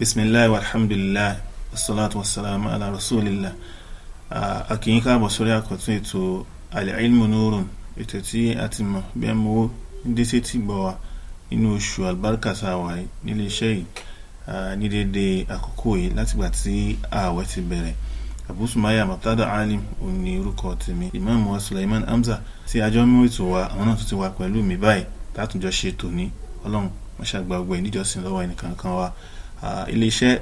bisimilahi alhamdulilayi wasalaatu wasalaamu ala rasulillah akìyín káàbọ̀ sórí àkọ́tún ètò alilmu nurun ètò tí a ti mọ̀ bí ẹmọ owó déṣe ti gbọ́ wa nínú oṣù albarka sáwà nílé iṣẹ́ yìí ní dédé àkókò yìí látìgbà tí ààwẹ̀ ti bẹ̀rẹ̀ abusumaya mabtada alim òní orúkọ tèmi imam wa suleiman hamza tí àjọ mú ètò wa àwọn náà tún ti wà pẹ̀lú mi báyìí látúnjọ ṣe tòní ọlọ́run mọ́ṣágbà ọgbẹ́ níjọsìn lọ́wọ́ ẹnìkan kan wa iléeṣẹ́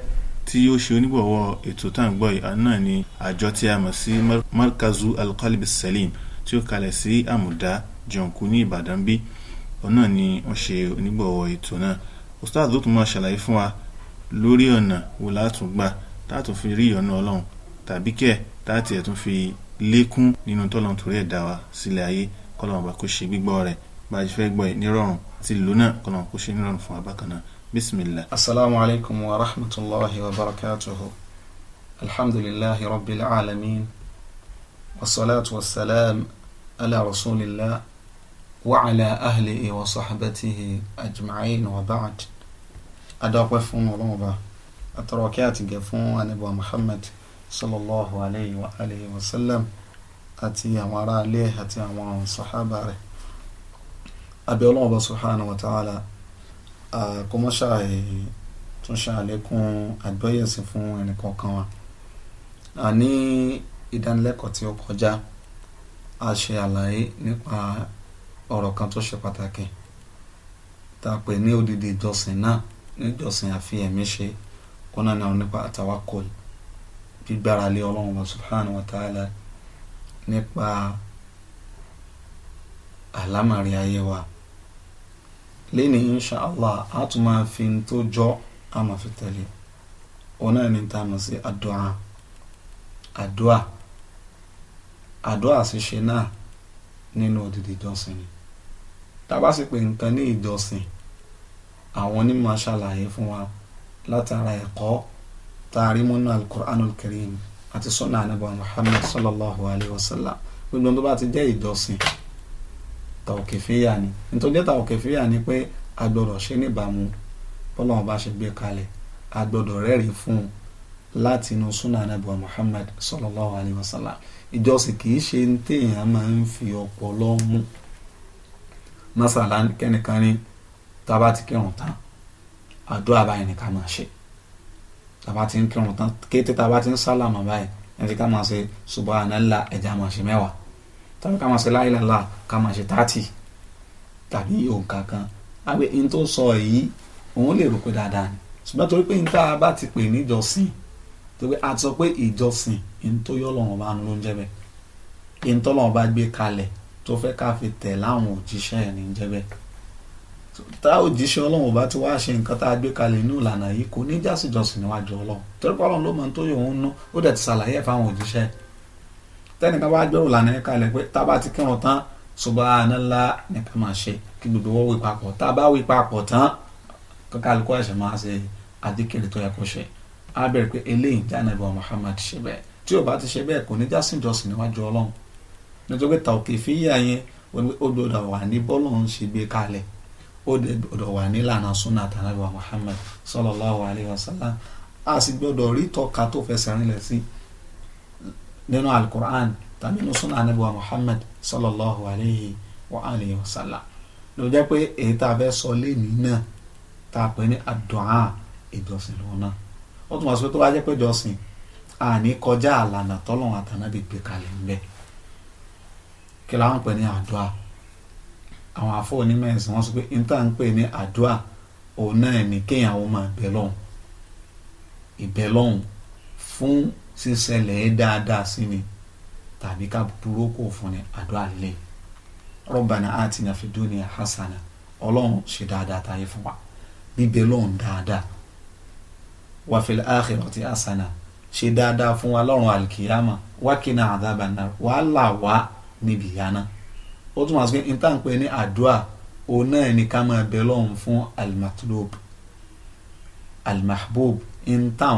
tí ó ṣe onígbọ̀wọ́ ètò tá à ń gbọ́ yìí àná ni àjọ tí a mọ̀ sí markazu alqalbi salim tí ó kalẹ̀ sí àmùdá jọ̀ǹkú ní ìbàdàn bí ọ̀nà ni wọ́n ṣe onígbọ̀wọ́ ètò náà ustaz ló tún máa ṣàlàyé fún wa lórí ọ̀nà wo látún gbà táàtún fi rí ọ̀nà ọlọ́run tàbí kẹ̀ táàtì ẹ̀ tún fi lékún nínú tọ́lọ́run torí ẹ̀ wa sílẹ̀ ayé kọ́lọ́run bá kó ṣe gbígbọ́ rẹ̀ bá a ṣe fẹ́ gbọ́ ẹ̀ nírọ̀rùn àti ìlú náà kọ́lọ́run kó ṣe nírọ̀rùn fún wa náà بسم الله السلام عليكم ورحمة الله وبركاته الحمد لله رب العالمين والصلاة والسلام على رسول الله وعلى أهله وصحبته أجمعين وبعد أدعو فون ولوبا أتركات جفون أبو محمد صلى الله عليه وآله وسلم أتي أمارا ليه أتي أمارا صحابة أبي الله سبحانه وتعالى kó mọ́ ṣàì tún ṣàlékún àgbọ́yẹ̀sí fún ẹnìkọ̀ọ̀kan wa ní ìdánilẹ́kọ̀ọ́ tí ó kọjá a ṣe àlàyé nípa ọ̀rọ̀ kan tó ṣe pàtàkì tá a pè ní odidi ìjọsìn náà níjọsìn àfihàn ṣe kọ́nà náà nípa àtàwákọ̀lù gbígbára lé ọlọ́run wa subhanahu wa ta'ala nípa àlámàrí ayé wa lẹ́ni insha allah a tún máa fi tó jọ a máa fi tẹ̀lé òun náà ní ta mọ̀ sí àdúrà àdúrà àdúrà ṣíṣe náà nínú odidi ìjọsìn ni tá bá sì pé nǹkan ní ìjọsìn àwọn onímọ̀ ṣàlàyé fún wa látara ẹ̀kọ́ tá a rí alukur'anul karim àti sunna anabi muhammad sallallahu alayhi wa sallam gbogbo tó bá ti jẹ́ ìjọsìn tàòkèféyà ni nítorí tàòkèféyà ni pé a gbọ́dọ̀ ṣe níbàámu bọ́lọ́wọ́n bá ṣe gbé kalẹ̀ a gbọ́dọ̀ rẹ́rìí fún un láti inú súnà anábì wa Muhammad sallallahu alayhi wa sallam ìjọsìn kì í ṣe ń téèyàn máa ń fi ọpọlọ mú masala kẹ́nìkan ní tába ti kírun tán àdúrà báyìí nìkan máa ṣe tába ti ń kírun tán kété tába ti ń sálàmù báyìí ẹni ká máa ṣe subhanallah ẹ̀já máa ṣe mẹ́wàá tàbí ká máa ṣe láìláìlá ká máa ṣe tààtì tàbí òǹkà kan àgbẹ̀ in tó sọ èyí òun lè rò pé dáadáa ni ṣùgbọ́n torí pé n tá a bá ti pè ní ìjọsìn torí a ti sọ pé ìjọsìn in tó yọ lọ́wọ́n bá ń ló ń jẹ́ bẹ́ẹ̀ in tó lọ́wọ́n bá gbé kalẹ̀ tó fẹ́ ká fi tẹ̀ láwọn òjíṣẹ́ ẹ̀ ní jẹ́ bẹ́ẹ̀ tá òjíṣẹ́ ọlọ́run bá ti wá ṣe nǹkan tá a gbé kalẹ̀ inú ìlànà yìí kò ní jásìjọsìn níwájú ọlọ́run torí ọlọ́run ló mọ tó yọ òun nú ó dẹ̀ ti ṣàlàyé ẹ̀ fáwọn òjíṣẹ́ ẹ̀ tẹ́nìkan bá gbẹ́rù lànà ẹ̀ka ilẹ̀ pé tá a bá ti kírun tán subhanallah nìkan máa ṣe kí gbogbo wọn wí papọ̀ tá a bá wí papọ̀ tán kọ́kálukọ́ ẹ̀ṣẹ̀ máa ṣe àdékèrè tó yẹ kó ṣe á bẹ̀rẹ̀ pé eléyìí jáde bọ̀ Muhammad ṣe bẹ́ẹ̀ tí ò bá ti ṣe bẹ́ẹ̀ kò ní já sí ìjọsìn níwájú Ọlọ́run nítorí pé tàòkè fìyà yẹn ó gbọdọ̀ wà ní bọ́lọ́run ṣe gbé kalẹ̀ ó gbọdọ̀ wà nílànà súnà tànàbí wa Muhammad sallallahu alayhi wa sallam a sì gbọdọ̀ rí tọ́ka tó fẹsẹ̀ rinlẹ̀ sí i nínú alukur'an tàbí nínú sunnah anabiwa muhammad sallallahu alayhi wa alayhi wa sallam ló jẹ́ pé èyí tá a fẹ́ sọ léèmí náà tá a pè ní àdúà ìjọsìn lòun náà ó tún wá sọ pé tó bá jẹ́ pé ìjọsìn àní kọjá àlànà tọ́lọ́run àtànábì gbé kalẹ̀ ńbẹ kí làwọn pè ní àdúà àwọn afọ onímọ̀ wọn sọ pé níta ń pè ní àdúà òun náà ní kéèyàn ó máa bẹ lọ́hùn ìbẹ lọ́hùn fún ṣe ṣẹlẹ̀ ẹ́ dáadáa sí ni tàbí ká burúkú fún ni àdúrà lè rọ́bànà àti nàfẹ́dúnì hasana ọlọ́run ṣe dáadáa táyé fún wa bíbẹ lọ́run dáadáa wàfẹ̀lẹ̀ àkìrọ̀tì hasana ṣe dáadáa fún wa lọ́run alikiyama wákìnà àdàbànà wàhálà wá níbi yánà ó tún wàá pé ìtànpẹ́ ní àdúrà òun náà ni ká máa bẹ lọ́run fún alimatulub alimahbub ìtàn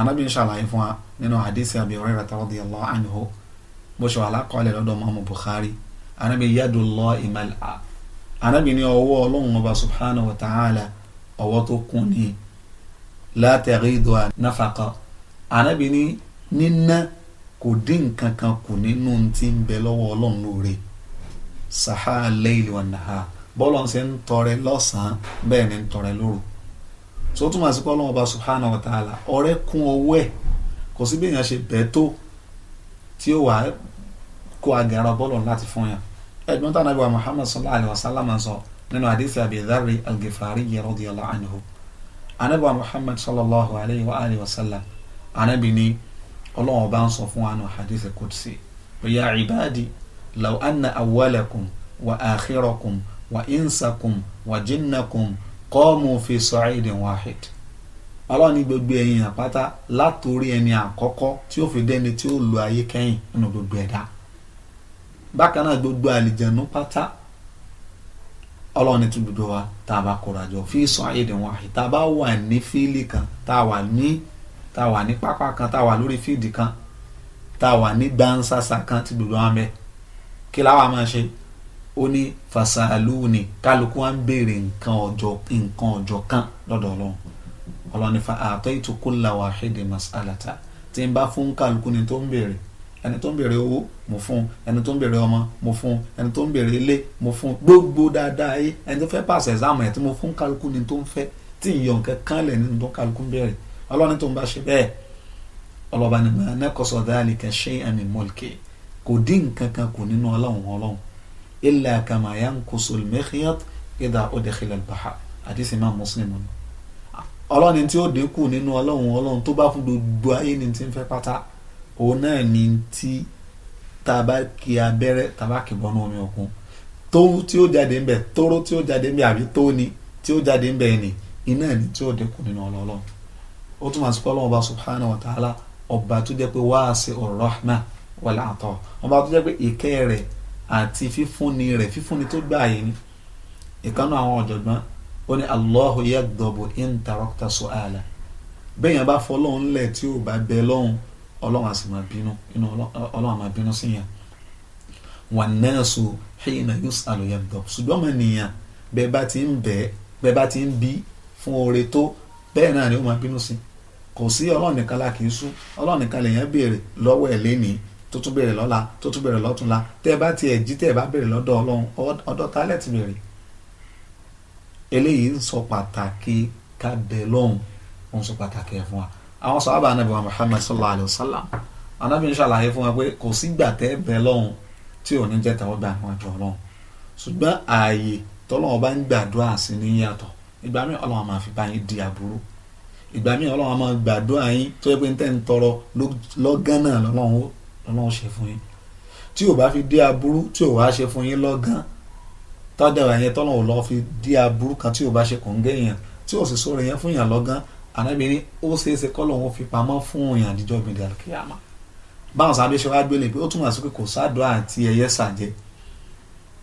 anabi ń ṣàlàyé fún wa nínú hadisi Abi Hurairah radiyallahu anhu bó ṣe wà lákọọ́lẹ̀ lọ́dọ̀ mọ́mú Bukhari anabi yadullahi mal'a anabi ní ọwọ́ ọlọ́run ọba subhanahu wa ta'ala ọwọ́ tó kún ní la taghidu nafaqa anabi ní níná kò dín nǹkan kan kù nínú ti ń bẹ lọ́wọ́ ọlọ́run lóore sahaa al-layli wan ń ṣe ń tọrẹ lọ́sàn-án ni ń tọrẹ lóru so túmọ̀ sí pọ́lọ́mọ ọba subhanahu wa ta'ala ọ̀rẹ́ kún ọwọ́ ẹ̀ kò sí bí èèyàn ṣe bẹ́ẹ̀ tó tí ó wàá kó agàrà bọ́ọ̀lù láti fún yàn ẹ̀gbọ́n tí Ànábì wa Muhammad sallallahu alayhi wa sallam sọ nínú àdìsí Abi Dharri al-Ghifari radiyallahu anhu Ànábì wa Muhammad sallallahu alayhi wa sallam Ànábì ni Ọlọ́run bá ń sọ fún wa nù àdìsí kùdìsí ya ibadi law anna awwalakum wa akhirakum wa insakum wa jinnakum qamu fi sa'idin wahid ọlọ́run ní gbogbo ẹ̀yin àpáta látòrí ẹni àkọ́kọ́ tí ó fi dẹ́ni tí ó lo ayé kẹ́yìn nínú gbogbo ẹ̀dá bákan náà gbogbo àlìjẹ̀nú pátá ọlọ́run ní túbúdó wa tá a bá kóra jọ fi sa'idin wahid tá a bá wà ní fíìlì kan tá a wà ní tá a wà ní pápá kan tá a wà lórí fíìdì kan tá a wà ní gbansasa kan tí wa mẹ́ kí láwa máa ṣe ó ní fasalúni kálukú wa ń béèrè nǹkan ọjọ́ nǹkan ọjọ́ kan lọ́dọ̀ ọlọ́run ọlọ́run fa ataitu kulla wahidi mas'alata tí n bá fún kálukú ni tó ń béèrè ẹni tó ń béèrè owó mo fún ẹni tó ń béèrè ọmọ mo fún ẹni tó ń béèrè ilé mo fún gbogbo dáadáa yé ẹni tó fẹ́ pàṣẹ ẹ̀sáàmù ẹ̀ tí mo fún kálukú ni tó ń fẹ́ tí ìyọ̀ nǹkan kan lẹ̀ nínú tó kálukú ń béèrè ọlọ́run tó ń bá ṣe bẹ́ẹ̀ ọlọ́ba ni mọ̀ ẹ́ nẹ́kọ̀sọ̀ dáàlì kẹ́ ṣe ẹ̀mí mọ́lìkì kò dín nǹkan kan kù nínú ọlọ́run ọlọ́run illa kama yankusul mikhyat idha udkhila al-bahr hadith imam muslim ọlọ́ni tí ó dínkù nínú ọlọ́run ọlọ́run tó bá fún gbogbo ayé ni ti ń fẹ́ pátá òun náà ni ti tabaki abẹ́rẹ́ tabaki bọ́nú omi òkun tó tí ó jáde ń bẹ̀ tóró tí ó jáde ń bẹ̀ àbí tóni tí ó jáde ń bẹ̀ ni iná ni tí ó dínkù nínú ọlọ́run ó túmọ̀ sí pé ọlọ́run ọba subhanahu wa ta'ala ọba tó jẹ́ pé wáàsí ar-rahma wal-'ata ọba tó jẹ́ pé ìkẹ́ rẹ̀ àti fífúnni rẹ̀ fífúnni tó gbà yìí ni ìkànnì àwọn ọ̀jọ̀gbọ́n ó ní Allahu yagdobu in tarakta su'ala bẹ́ẹ̀ yẹn bá fọ́ lọ́hùn ńlẹ̀ tí ò bá bẹ lọ́hùn ọlọ́run á sì bínú inú ọlọ́run á bínú sí yẹn wan nasu hina yus'alu yagdobu ṣùgbọ́n ọmọ nìyàn bẹ́ẹ̀ bá ti ń bẹ́ẹ̀ bẹ́ẹ̀ bá ti ń bí fún oore tó bẹ́ẹ̀ náà ni ó máa bínú sí kò sí ọlọ́run nìkan kì tó tún bẹ̀rẹ̀ lọ́la tó tún bẹ̀rẹ̀ lọ́túnla tẹ́ ẹ bá tiẹ̀ jí tẹ́ ẹ bá bẹ̀rẹ̀ lọ́dọ̀ ọlọ́run ọ̀dọ̀ ta lẹ́ẹ̀tì bẹ̀rẹ̀ eléyìí ń sọ pàtàkì ká bẹ lọ́hùn ó ń sọ pàtàkì ẹ̀ fún wa àwọn sàhábà ànábì wa Muhammad sallallahu alayhi wa sallam ànábì ń ṣàlàyé fún wa pé kò sígbà tẹ́ ẹ bẹ lọ́hùn tí ò ní jẹ́ tàwọn gbà fún ẹjọ́ ọlọ́run ṣùgbọ́n ààyè tọ́lọ́wọ́n ìgbà míì ọlọ́run máa máa gbàdúrà yín tó yẹ pé ń tẹ́ ń tọrọ lọ́gán náà lọ́lọ́run lọ́lọ́run ṣe fún yín tí ò bá fi dé aburú tí ò wá ṣe fún yín lọ́gán tádàrà yẹn tọ́lọ̀ ò lọ́ fi dé aburú kan tí ò bá ṣe kòńgẹ́ yẹn tí ò sì sọ̀rọ̀ yẹn fún yàn lọ́gán anábìrin ó ṣeéṣe kọ́lọ̀ òun fi pamọ́ fún yàn àdìjọ́ gbẹ̀dẹ̀ àlùkìyàmá báwọn sábẹ́ ṣe wá gbélé pé ó túmọ̀ sí pé kò sádùá àti ẹyẹ sàjẹ́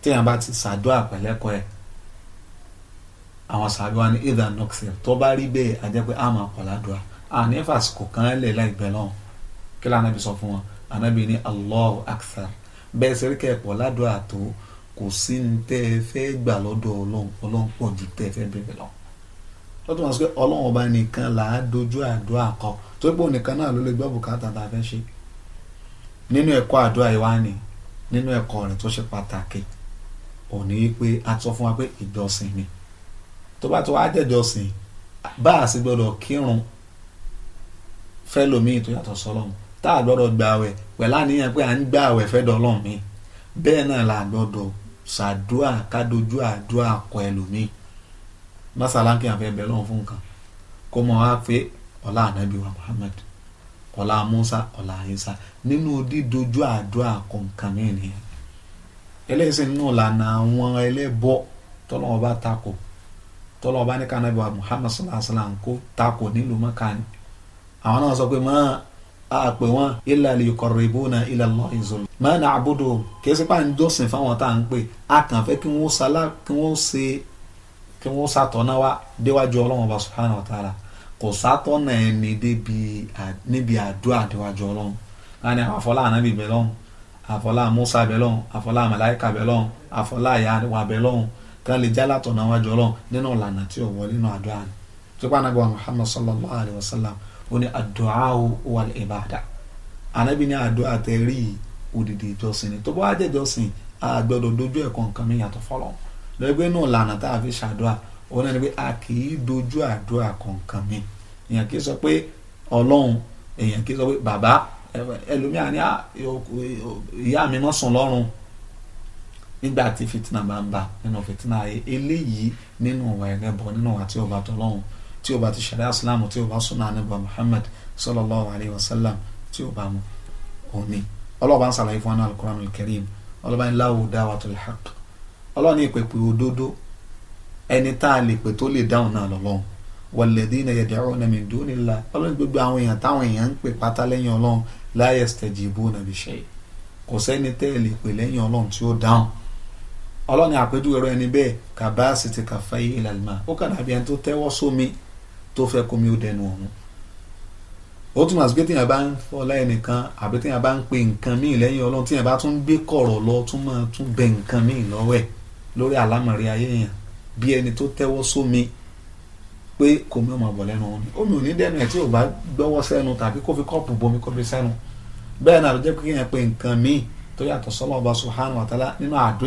téèyàn bá ti sàdúà pẹ̀lẹ́kọ̀ ẹ̀ àwọn sàbí wa ní ìdá nọ́ọ̀sẹ̀ tó bá rí bẹ́ẹ̀ a jẹ́ pé a máa kọ̀ ládùá àní fàsìkò láì bẹ̀ lọ́hùn kí lànà ibi sọ fún wọn anábì ní Allahu akthar bẹ́ẹ̀ sẹ́rí kẹ́ẹ̀pọ̀ ládùúgbò àtò kò sí ní tẹ́ ẹ fẹ́ gbà lọ́dọ̀ ọlọ́run ọlọ́run pọ̀ ju tẹ́ ẹ fẹ́ bẹ̀rẹ̀ lọ. lọ́tọ̀ wọn sọ pé ọlọ́run ọba nìkan là á dojú àdúrà kọ torí pé ònìkan náà ló lè gbọ́ bùkátà tá a fẹ́ ṣe. nínú ẹ̀kọ́ àdúrà yìí wá ní nínú ẹ̀kọ́ rẹ̀ tó ṣe pàtàkì òní pé a sọ fún wa pé ìjọsìn ni tó bá tó wá jẹ́jọsìn bá a sì gbọ́dọ̀ kírun fẹ́ lòmíì tó yàtọ̀ ta agbọdọ gbọ́dọ̀ gbààwẹ̀ pẹ̀lú àníyàn pé à ń gbààwẹ̀ fẹ́ mi bẹ́ẹ̀ náà la gbọ́dọ̀ ṣàdúà kádojú àdúà kọ ẹlòmíì masala kí n fẹ́ fún nǹkan kó mọ wá pé wa Muhammad ọlá Musa ọlá Isa nínú dídojú àdúà kọ nǹkan mi nìyẹn àwọn bá takò bá ní sallallahu wa sallam kó takò nílùú àwọn náà sọ a pè wọn ilà lè kọrọ ìbò náà ilà lọ ìzòlù. máa na àbúdò kìí sípà ń jọ́sìn fáwọn tá à ń pè a kàn fẹ́ kí wọ́n sálá kí wọ́n ṣe kí wọ́n sàtọ́nà wa déwájú ọlọ́run ọba subhanahu wa ta'ala kò sàtọ́nà ẹni níbi àdúrà déwájú ọlọ́run láàrin àwọn afọlá ànábì bẹ̀ lọ́hùn àfọlá musa bẹ̀ lọ́hùn àfọlá màláíkà bẹ̀ lọ́hùn àfọlá ìyá bẹ̀ lọ́hùn ó ní àdúà wal ìbàdà ànábì ní àdúà tẹ rí òdìdí ìjọsìn ni tó bá wá jẹ́ ìjọsìn a gbọ́dọ̀ dojú ẹ̀ kọ́ nǹkan mi yàtọ̀ fọlọ́ lẹ́gbẹ́ náà lànà tá a fi ṣàdúà òun náà ni pé a kì í dojú àdúà kọ́ nǹkan mi èèyàn kì í sọ pé ọlọ́run èèyàn kì í sọ pé bàbá ẹlòmíà ní ah, ìyá mi mọ́ sùn lọ́rùn nígbà tí fitina ń bà nínú fitina eléyìí nínú ìwà ẹ̀rẹ́bọ nínú àti ọba tọ́lọ́run tí o bá ti ṣẹ̀rẹ́ asilamu tí o bá sunna anabi muhammad sallallahu alayhi wa sallam tí o bá mu òní ọlọ́ọ̀bá ń sàlàyé fún al-Qur'an al-Karim ọlọ́ọ̀bá ń láwù da'watul haqq ọlọ́ọ̀ ní ìpèpè òdodo ẹni tá a lè pè tó lè dáhùn náà lọ́lọ́run walladhina yad'una min dunillah ọlọ́run gbogbo àwọn èèyàn táwọn èèyàn ń pè pátá lẹ́yìn ọlọ́run la yastajibuna bi shay kò sẹ́ni tẹ́ ẹ lè pè lẹ́yìn ọlọ́run tí ó dáhùn ọlọ́run àpéjúwe rẹ ni bẹ́ẹ̀ kabasiti kaffayhi ilal ma ó kàdàbí ẹni tó tẹ́wọ́ sómi tó fẹ́ kómi ó dẹnu ọ̀hún ó túmọ̀ sí pé téèyàn bá ń fọlá ẹnìkan àbí téèyàn bá ń pe nǹkan míì lẹ́yìn ọlọ́run téèyàn bá tún gbé kọ̀rọ̀ lọ tún máa tún bẹ nǹkan míì lọ́wọ́ ẹ̀ lórí àlámọ̀rí ayé èèyàn bí ẹni tó omi ò ní ẹ̀ tí ò bá gbọ́wọ́ sẹ́nu bomi kó fi sẹ́nu bẹ́ẹ̀ náà ló jẹ́ pé pe nǹkan míì tó yàtọ̀ sọ́lọ́ ọba subhanahu wa nínú àdó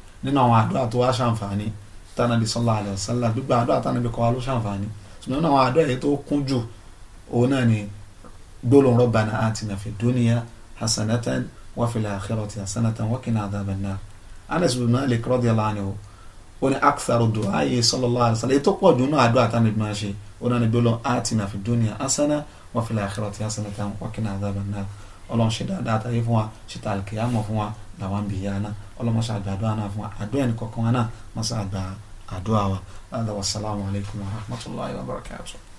nínú àwọn àdúrà tó wá ṣàǹfààní tánàbí sallallahu alaihi wasallam gbígbà àdúrà tánàbí kọ́ wa ló ṣàǹfààní ṣùgbọ́n nínú àwọn àdúrà yìí tó kún jù òun náà ni gbólóhùn rabbana atina fid dunya hasanatan wa fil akhirati hasanatan wa qina adhaban nar Anas bin Malik radiyallahu anhu ó ní akthar du'a sallallahu alaihi wasallam èyí tó pọ̀ jù nínú àdúrà tánàbí máa ṣe òun náà ni gbólóhùn atina fid dunya hasanatan wa fil hasanatan wa qina ọlọ́run ṣe dáadáa tàyé fún wa ṣe tàlùkì àmọ́ fún wa làwọn bìí yá náà ọlọ́run máa ṣàgbà àdúrà náà fún wa àdúrà ẹnì kọ̀ọ̀kan wa náà máa ṣàgbà àdúrà wa. Assalamu alaikum warahmatullahi wabarakatuh.